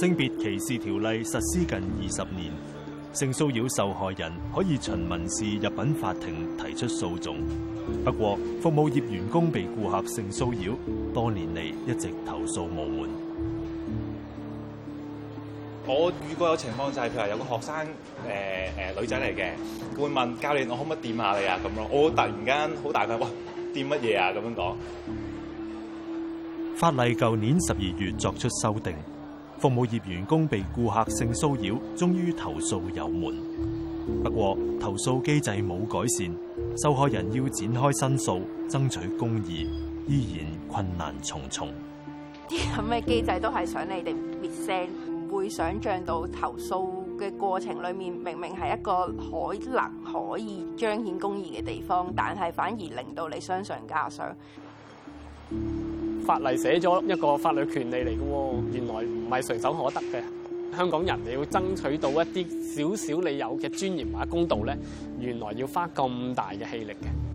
性別歧視條例實施近二十年，性騷擾受害人可以循民事入禀法庭提出訴訟。不過，服務業員工被顧客性騷擾，多年嚟一直投訴無門。我遇過有情況就係，譬如有個學生，誒誒，女仔嚟嘅，佢會問教練：我可唔可以掂下你啊？咁咯，我突然間好大聲，喂，掂乜嘢啊？咁樣講。法例舊年十二月作出修訂。服務業員工被顧客性騷擾，終於投訴有門。不過，投訴機制冇改善，受害人要展開申訴，爭取公義，依然困難重重。啲咁嘅機制都係想你哋滅聲，唔會想像到投訴嘅過程裏面，明明係一個可能可以彰顯公義嘅地方，但係反而令到你傷上加傷。法例寫咗一個法律權利嚟嘅喎，原來唔係隨手可得嘅。香港人你要爭取到一啲少少你有嘅尊嚴或者公道咧，原來要花咁大嘅氣力嘅。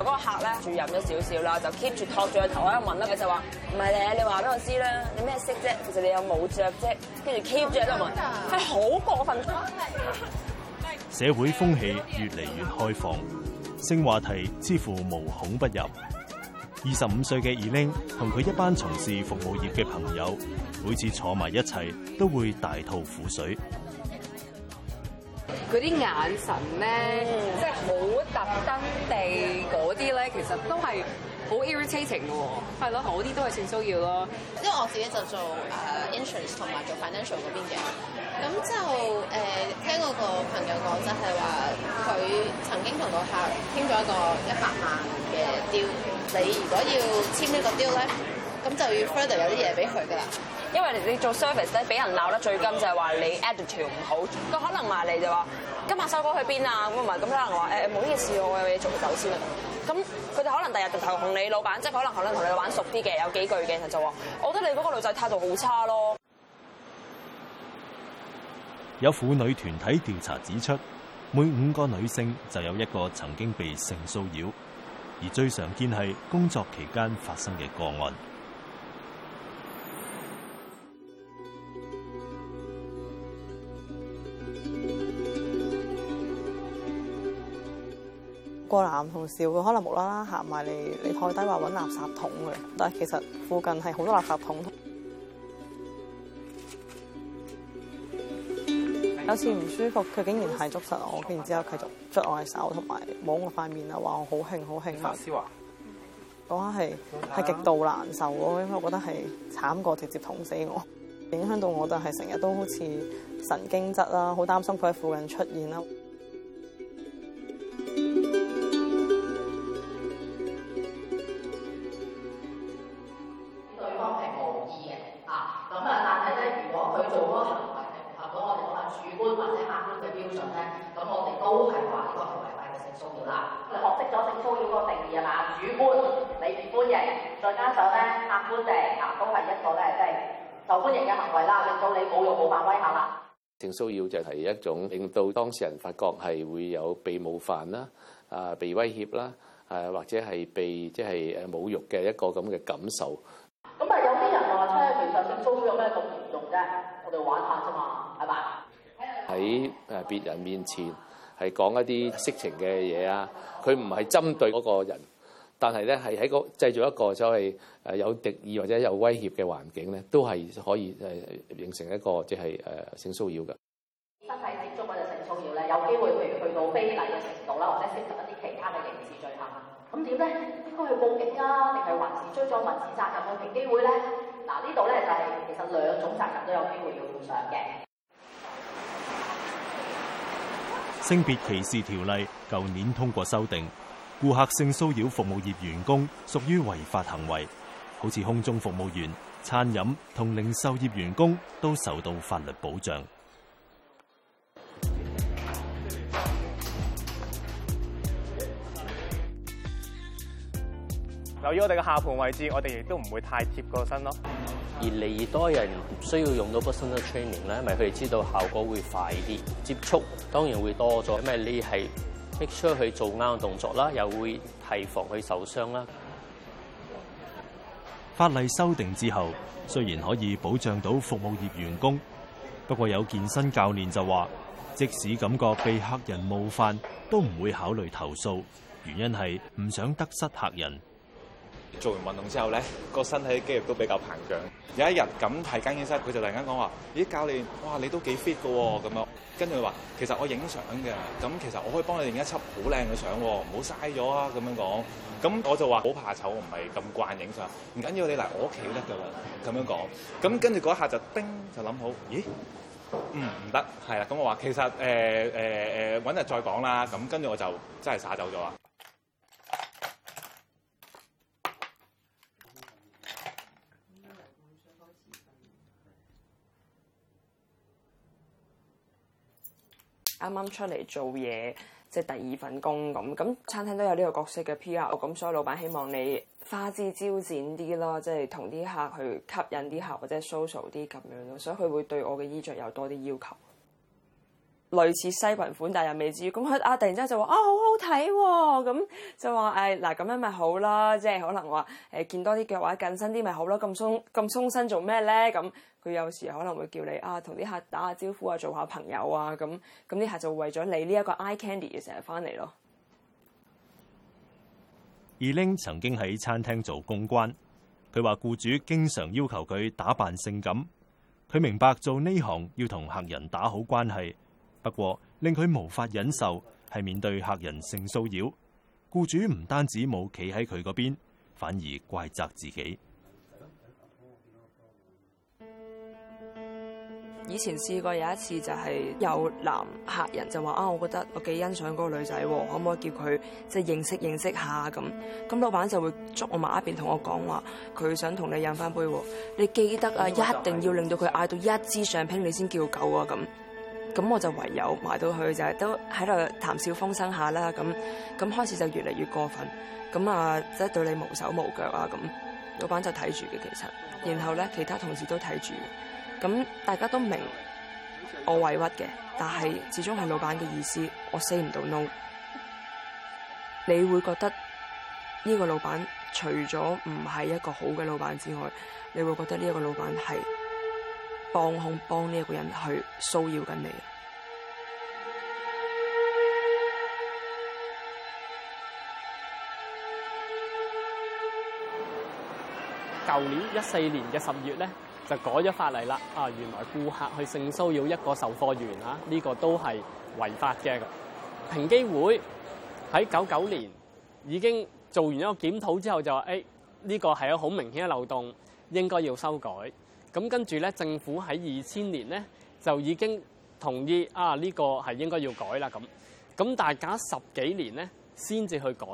我、那、嗰個客咧，住忍咗少少啦，就 keep 住托住佢頭，喺一問啦，佢就話：唔係咧，你話俾我知啦，你咩色啫？其實你又冇著啫。跟住 keep 住度。問，係好過分啫。 社會風氣越嚟越開放，性話題似乎無孔不入。二十五歲嘅二 l i n 同佢一班從事服務業嘅朋友，每次坐埋一齊都會大吐苦水。佢啲眼神咧。好特登地嗰啲咧，其實都係好 irritating 嘅喎。係咯，嗰啲都係算騷擾咯。因為我自己就做 insurance 同埋做 financial 嗰邊嘅，咁就誒、uh，聽我個朋友講就係話，佢曾經同個客傾咗一個一百萬嘅 deal。你如果要簽呢個 deal 咧，咁就要 further 有啲嘢俾佢㗎啦。因為你做 service 咧，俾人鬧得最甘就係話你 attitude 唔好，佢可能埋嚟就話今日收工去邊啊？咁唔係，咁可能話誒冇呢嘢事，我有嘢做就走先啦。咁佢哋可能第日仲同同你老闆，即係可能可能同你玩熟啲嘅，有幾句嘅就話，我覺得你嗰個女仔態度好差咯。有婦女團體調查指出，每五個女性就有一個曾經被性騷擾，而最常見係工作期間發生嘅個案。個男同事佢可能無啦啦行埋嚟，你台底話揾垃圾桶嘅，但係其實附近係好多垃圾桶。嗯、有次唔舒服，佢竟然係捉實我，跟住之後繼續捽我隻手同埋、嗯、摸我塊面啊，話我好興好興。法師話：嗰下係係極度難受咯，因為我覺得係慘過直接捅死我。影響到我就係成日都好似神經質啦，好擔心佢喺附近出現啦。一個咧即真係受歡迎嘅行為啦，令到你侮辱、冒犯、威嚇啦。性騷擾就係一種令到當事人發覺係會有被冒犯啦、啊被威脅啦、誒、啊、或者係被即係誒侮辱嘅一個咁嘅感受。咁啊有啲人話齋，其實性騷擾有咩咁嚴重啫？我哋玩下啫嘛，係嘛？喺誒別人面前係講一啲色情嘅嘢啊，佢唔係針對嗰個人。但係咧，係喺個製造一個所謂誒有敵意或者有威脅嘅環境咧，都係可以誒形成一個即係誒性騷擾嘅身體接觸或者性騷擾咧，有機會譬如去到非禮嘅程度啦，或者涉及一啲其他嘅刑事罪行。咁點咧？應該要報警啊，定係還是追咗民事責任嘅機會咧？嗱，呢度咧就係其實兩種責任都有機會要負上嘅。性別歧視條例舊年通過修訂。顧客性騷擾服務業員工屬於違法行為，好似空中服務員、餐飲同零售業員工都受到法律保障。留意我哋嘅下盤位置，我哋亦都唔會太貼個身咯。越嚟越多人不需要用到 personal training 咧，因為佢哋知道效果會快啲，接觸當然會多咗，因為你係。逼出去做啱嘅動作啦，又會提防佢受傷啦。法例修訂之後，雖然可以保障到服務業員工，不過有健身教練就話，即使感覺被客人冒犯，都唔會考慮投訴，原因係唔想得失客人。做完運動之後呢，個身體的肌肉都比較膨脹。有一日咁喺更衣室，佢就突然間講話：咦，教練，哇，你都幾 fit 㗎喎？咁、嗯、樣。跟住佢話：其實我影相嘅，咁其實我可以幫你影一輯好靚嘅相喎，唔好嘥咗啊！咁樣講，咁我就話好怕醜，唔係咁慣影相，唔緊要，你嚟我屋企得㗎喇！咁樣講，咁跟住嗰一下就叮，就諗好，咦？嗯，唔得，係啦，咁我話其實誒誒誒，揾、呃、日、呃、再講啦。咁跟住我就真係耍走咗啱啱出嚟做嘢，即係第二份工咁，咁餐廳都有呢個角色嘅 P.R. 咁，所以老闆希望你花枝招展啲咯，即係同啲客去吸引啲客或者 social 啲咁樣咯，所以佢會對我嘅衣着有多啲要求。類似西裙款，但又未至於咁佢啊！突然之間就話啊、哦，好好睇喎、哦！咁就話誒嗱，咁、哎、樣咪好啦，即係可能話誒見多啲腳或近身啲咪好咯，咁鬆咁鬆身做咩咧？咁佢有時可能會叫你啊，同啲客打下招呼啊，做下朋友啊，咁咁啲客就為咗你呢一個 eye candy 而成日翻嚟咯。二玲曾經喺餐廳做公關，佢話僱主經常要求佢打扮性感，佢明白做呢行要同客人打好關係。不過令佢無法忍受，係面對客人性騷擾，僱主唔單止冇企喺佢嗰邊，反而怪責自己。以前試過有一次，就係有男客人就話啊，我覺得我幾欣賞嗰個女仔，可唔可以叫佢即係認識認識下咁？咁老闆就會捉我埋一邊，同我講話，佢想同你飲返杯，你記得啊，一定要令到佢嗌到一支上拼你先叫夠啊咁。咁我就唯有埋到去，就係都喺度談笑風生下啦。咁咁開始就越嚟越過分，咁啊即係對你毛手毛腳啊。咁老闆就睇住嘅，其實，然後咧其他同事都睇住，咁大家都明。我委屈嘅，但係始終係老闆嘅意思，我 say 唔到 no。你會覺得呢個老闆除咗唔係一個好嘅老闆之外，你會覺得呢一個老闆係？幫凶幫呢一個人去騷擾緊你。舊年一四年嘅十月咧，就改咗法例啦。啊，原來顧客去性騷擾一個售貨員啊，呢個都係違法嘅。平機會喺九九年已經做完一個檢討之後，就話：誒，呢個係一個好明顯嘅漏洞，應該要修改。咁跟住咧，政府喺二千年咧就已經同意啊，呢個係應該要改啦。咁咁，但係大家十幾年咧，先至去改。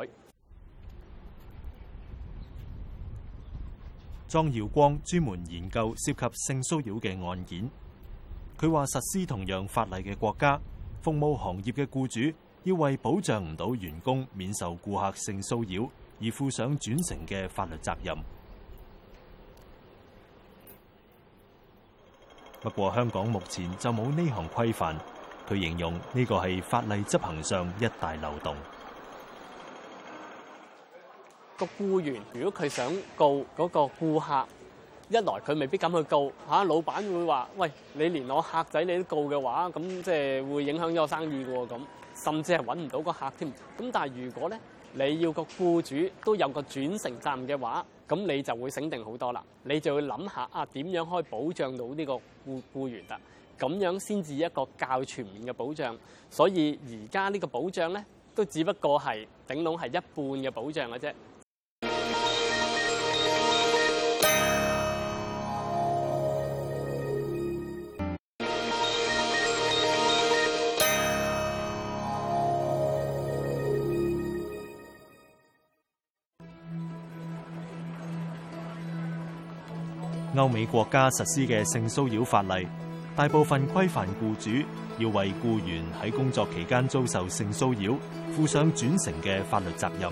莊耀光專門研究涉及性騷擾嘅案件，佢話實施同樣法例嘅國家，服務行業嘅僱主要為保障唔到員工免受顧客性騷擾而負上轉承嘅法律責任。不過香港目前就冇呢項規範，佢形容呢個係法例執行上一大漏洞。個雇員如果佢想告嗰個顧客，一來佢未必敢去告，吓、啊、老闆會話：，喂，你連我客仔你都告嘅話，咁即係會影響咗我生意嘅，咁甚至係搵唔到個客添。咁但係如果咧，你要個雇主都有個轉承站嘅話。咁你就會醒定好多啦，你就會諗下啊，點樣可以保障到呢個雇僱員啊，咁樣先至一個較全面嘅保障。所以而家呢個保障呢，都只不過係頂籠係一半嘅保障嘅啫。歐美國家實施嘅性騷擾法例，大部分規範僱主要為僱員喺工作期間遭受性騷擾負上轉承嘅法律責任。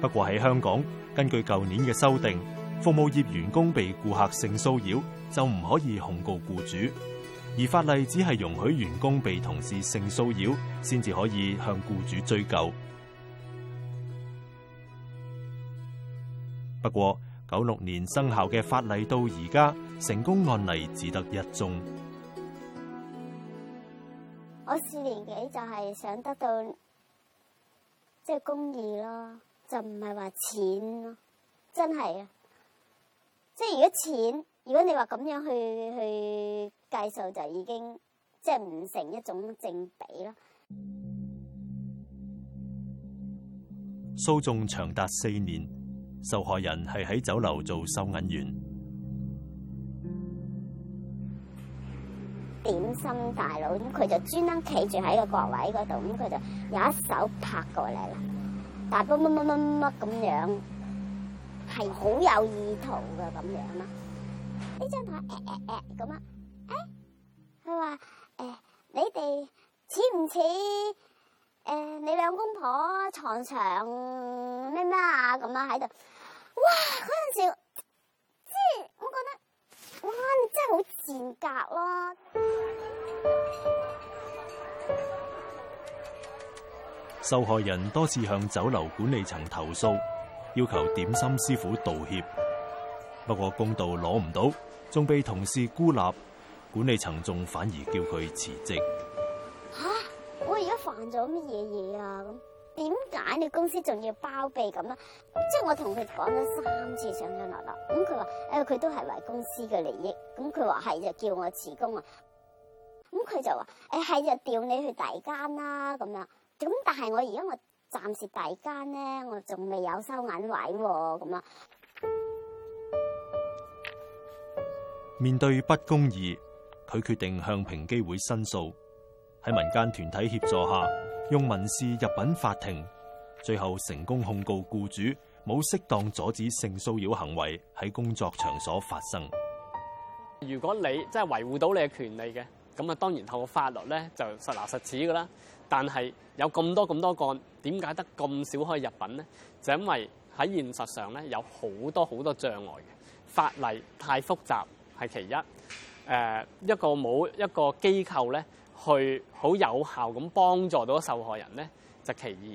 不過喺香港，根據舊年嘅修訂，服務業員工被顧客性騷擾，就唔可以控告僱主，而法例只係容許員工被同事性騷擾，先至可以向僱主追究。不過。九六年生效嘅法例到而家，成功案例只得一宗。我四年幾就係想得到即係公義咯，就唔係話錢咯，真係啊，即係如果錢，如果你話咁樣去去計數，就已經即係唔成一種正比咯。訴訟長達四年。受害人係喺酒樓做收銀員，點心大佬。咁佢就專登企住喺個角位嗰度，咁佢就有一手拍過嚟啦，大波乜乜乜乜乜咁樣，係好有意圖噶咁樣啊。呢張牌誒誒誒咁啊，誒，佢話誒你哋似唔似？誒，你兩公婆床上咩咩啊咁啊喺度，哇！嗰陣時即係我覺得，哇！你真係好賤格咯，啊！受害人多次向酒樓管理層投訴，要求點心師傅道歉，不過公道攞唔到，仲被同事孤立，管理層仲反而叫佢辭職。我而家犯咗乜嘢嘢啊？咁點解你公司仲要包庇咁啊？即係我同佢講咗三次上上落落，咁佢話誒，佢、呃、都係為公司嘅利益。咁佢話係就叫我辭工啊。咁、嗯、佢就話誒，係就調你去第間啦。咁樣咁但係我而家我暫時第間咧，我仲未有收銀位喎、啊。咁啊，面對不公義，佢決定向平機會申訴。喺民間團體協助下，用民事入禀法庭，最後成功控告雇主冇適當阻止性騷擾行為喺工作場所發生。如果你即係維護到你嘅權利嘅，咁啊，當然透過法律咧就實拿實齒噶啦。但係有咁多咁多個，點解得咁少可以入禀呢？就因為喺現實上咧有好多好多障礙嘅。法例太複雜係其一，誒、呃、一個冇一個機構咧。去好有效咁幫助到受害人咧，就其二。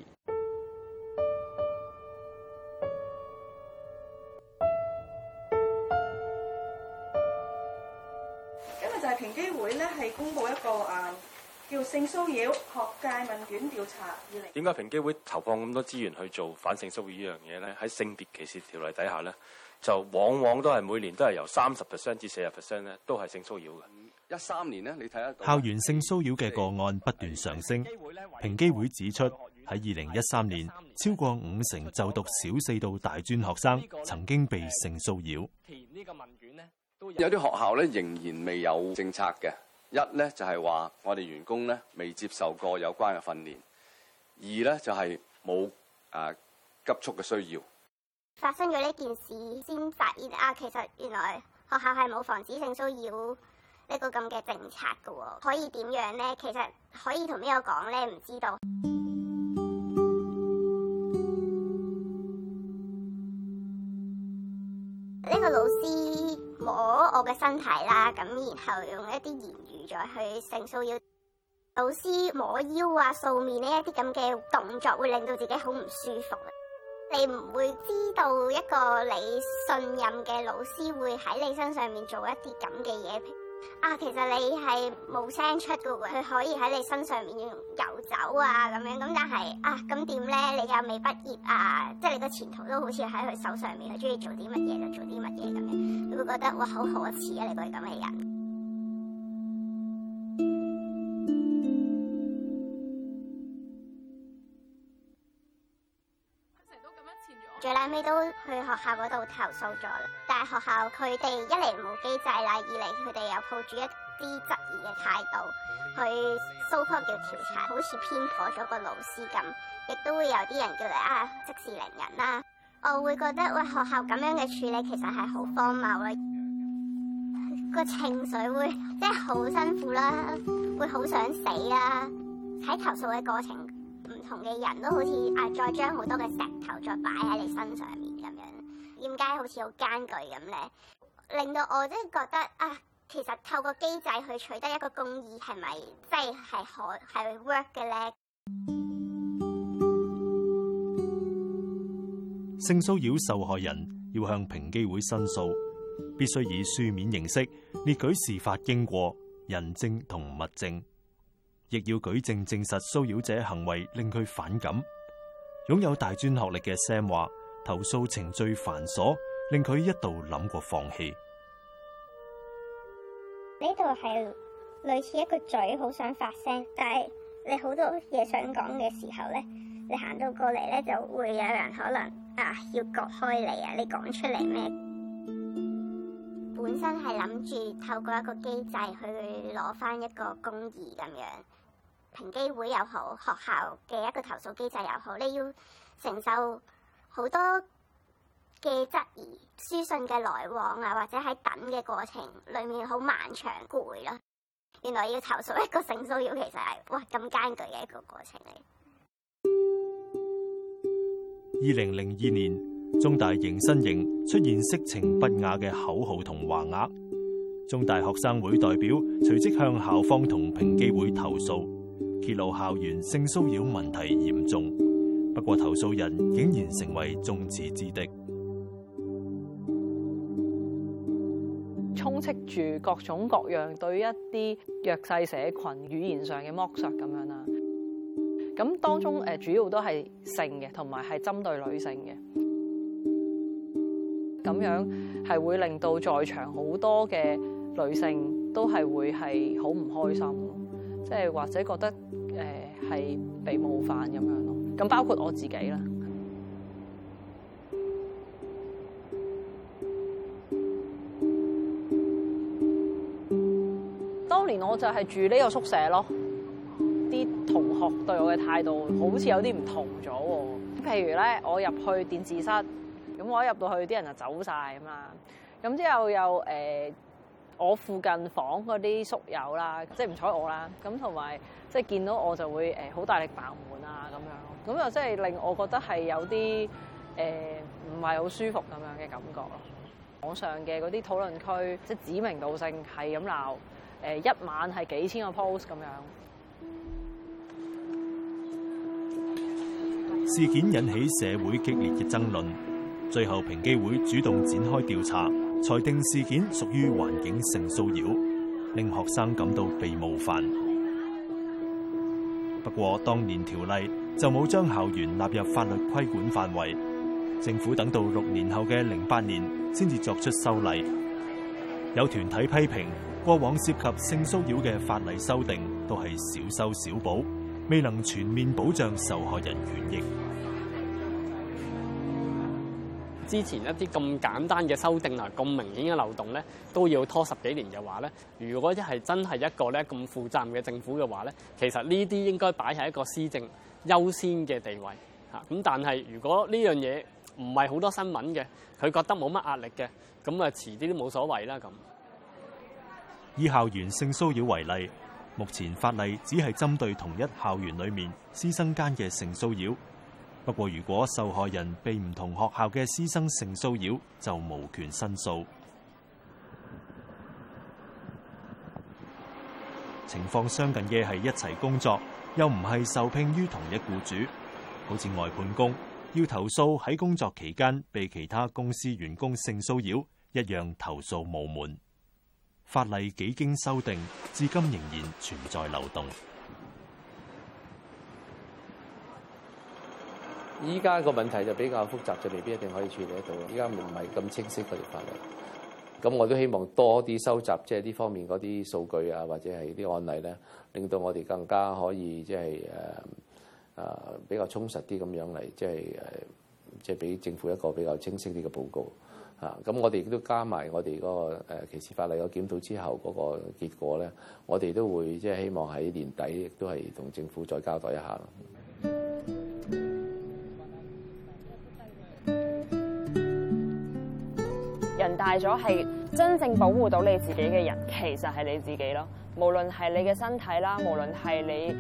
今日就係平機會咧，係公佈一個啊，叫性騷擾學界問卷調查二零。點解平機會投放咁多資源去做反性騷擾呢樣嘢咧？喺性別歧視條例底下咧，就往往都係每年都係由三十 percent 至四十 percent 咧，都係性騷擾嘅。一三年呢，你睇下校園性騷擾嘅個案不斷上升。平機會指出喺二零一三年，年超過五成就讀小四到大專學生曾經被性騷擾。填呢個問卷呢，都有啲學校咧仍然未有政策嘅。一咧就係話我哋員工咧未接受過有關嘅訓練，二咧就係冇啊急速嘅需要發生咗呢件事先發現啊，其實原來學校係冇防止性騷擾。一個咁嘅政策噶，可以點樣呢？其實可以同邊個講呢？唔知道呢、 這個老師摸我嘅身體啦，咁然後用一啲言語再去性騷擾，要老師摸腰啊、掃面呢、啊、一啲咁嘅動作，會令到自己好唔舒服。你唔會知道一個你信任嘅老師會喺你身上面做一啲咁嘅嘢。啊，其實你係冇聲出嘅喎，佢可以喺你身上面游走啊，咁樣咁，但係啊，咁點咧？你又未畢業啊，即係你個前途都好似喺佢手上面，佢中意做啲乜嘢就做啲乜嘢咁樣，你會覺得哇好可恥啊！你個咁嘅人。最尾都去學校嗰度投訴咗啦，但係學校佢哋一嚟冇機制啦，二嚟佢哋又抱住一啲質疑嘅態度去 support 叫調查，好似偏頗咗個老師咁，亦都會有啲人叫你啊息事寧人啦、啊。我會覺得喂、欸、學校咁樣嘅處理其實係好荒謬啦、啊，個 情緒會即係好辛苦啦、啊，會好想死啦、啊，喺投訴嘅過程。同嘅人都好似啊，再將好多嘅石頭再擺喺你身上面咁樣，點解好似好艱鉅咁咧？令到我真係覺得啊，其實透過機制去取得一個公義，係咪真係係可係 work 嘅咧？性騷擾受害人要向平機會申訴，必須以書面形式列舉事發經過、人證同物證。亦要舉證證實騷擾者行為令佢反感。擁有大專學歷嘅 Sam 話投訴程序繁瑣，令佢一度諗過放棄。呢度係類似一個嘴，好想發聲，但係你好多嘢想講嘅時候咧，你行到過嚟咧就會有人可能啊要割開你啊，你講出嚟咩？本身係諗住透過一個機制去攞翻一個公義咁樣。平機會又好，學校嘅一個投訴機制又好，你要承受好多嘅質疑、書信嘅來往啊，或者喺等嘅過程裏面好漫長、攰咯。原來要投訴一個性騷擾，要其實係哇咁艱巨嘅一個過程嚟。二零零二年，中大迎新營出現色情不雅嘅口號同橫額，中大學生會代表隨即向校方同平機會投訴。揭露校園性騷擾問題嚴重，不過投訴人竟然成為眾矢之的，充斥住各種各樣對一啲弱勢社群語言上嘅剝削咁樣啦。咁當中誒，主要都係性嘅，同埋係針對女性嘅，咁樣係會令到在場好多嘅女性都係會係好唔開心。即係或者覺得誒係被冒犯咁樣咯，咁包括我自己啦。當年我就係住呢個宿舍咯，啲同學對我嘅態度好似有啲唔同咗喎。譬如咧，我入去電視室，咁我一入到去，啲人就走晒咁啊。咁之後又誒。呃我附近房嗰啲宿友啦，即係唔睬我啦，咁同埋即係見到我就會誒好大力爆滿啊咁樣咯，咁又即係令我覺得係有啲誒唔係好舒服咁樣嘅感覺咯，網上嘅嗰啲討論區即係指名道姓係咁鬧誒一晚係幾千個 post 咁樣。事件引起社會激烈嘅爭論，最後平機會主動展開調查。裁定事件屬於環境性騷擾，令學生感到被冒犯。不過，當年條例就冇將校園納入法律規管範圍，政府等到六年後嘅零八年先至作出修例。有團體批評，過往涉及性騷擾嘅法例修訂都係小修小補，未能全面保障受害人權益。之前一啲咁簡單嘅修訂啊，咁明顯嘅漏洞咧，都要拖十幾年嘅話咧，如果一係真係一個咧咁負責任嘅政府嘅話咧，其實呢啲應該擺喺一個施政優先嘅地位嚇。咁但係如果呢樣嘢唔係好多新聞嘅，佢覺得冇乜壓力嘅，咁啊遲啲都冇所謂啦咁。以校園性騷擾為例，目前法例只係針對同一校園裡面師生間嘅性騷擾。不過，如果受害人被唔同學校嘅師生性騷擾，就無權申訴。情況相近嘅係一齊工作，又唔係受聘於同一僱主，好似外判工，要投訴喺工作期間被其他公司員工性騷擾，一樣投訴無門。法例幾經修訂，至今仍然存在漏洞。依家個問題就比較複雜，就未必一定可以處理得到。依家唔係咁清晰個條法例，咁我都希望多啲收集即係呢方面嗰啲數據啊，或者係啲案例咧，令到我哋更加可以即係誒誒比較充實啲咁樣嚟，即係即係俾政府一個比較清晰啲嘅報告嚇。咁、啊、我哋亦都加埋我哋嗰個誒歧視法例個檢討之後嗰個結果咧，我哋都會即係、即係、希望喺年底亦都係同政府再交代一下咯。大咗係真正保護到你自己嘅人，其實係你自己咯。無論係你嘅身體啦，無論係你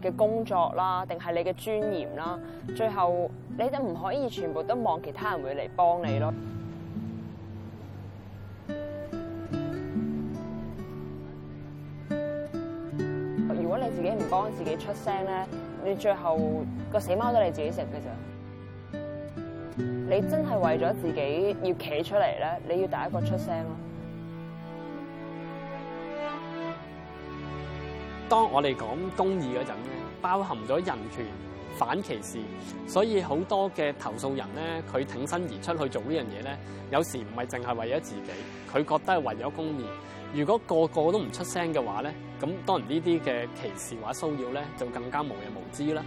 誒嘅工作啦，定係你嘅尊嚴啦，最後你都唔可以全部都望其他人會嚟幫你咯。如果你自己唔幫自己出聲咧，你最後個死貓都係你自己食嘅咋。你真係為咗自己要企出嚟咧，你要第一個出聲咯。當我哋講公義嗰陣咧，包含咗人權、反歧視，所以好多嘅投訴人咧，佢挺身而出去做呢樣嘢咧，有時唔係淨係為咗自己，佢覺得係為咗公義。如果個個都唔出聲嘅話咧，咁當然呢啲嘅歧視或騷擾咧，就更加無日無之啦。